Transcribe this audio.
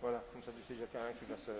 Voilà, comme ça tu sais, il a qui va se...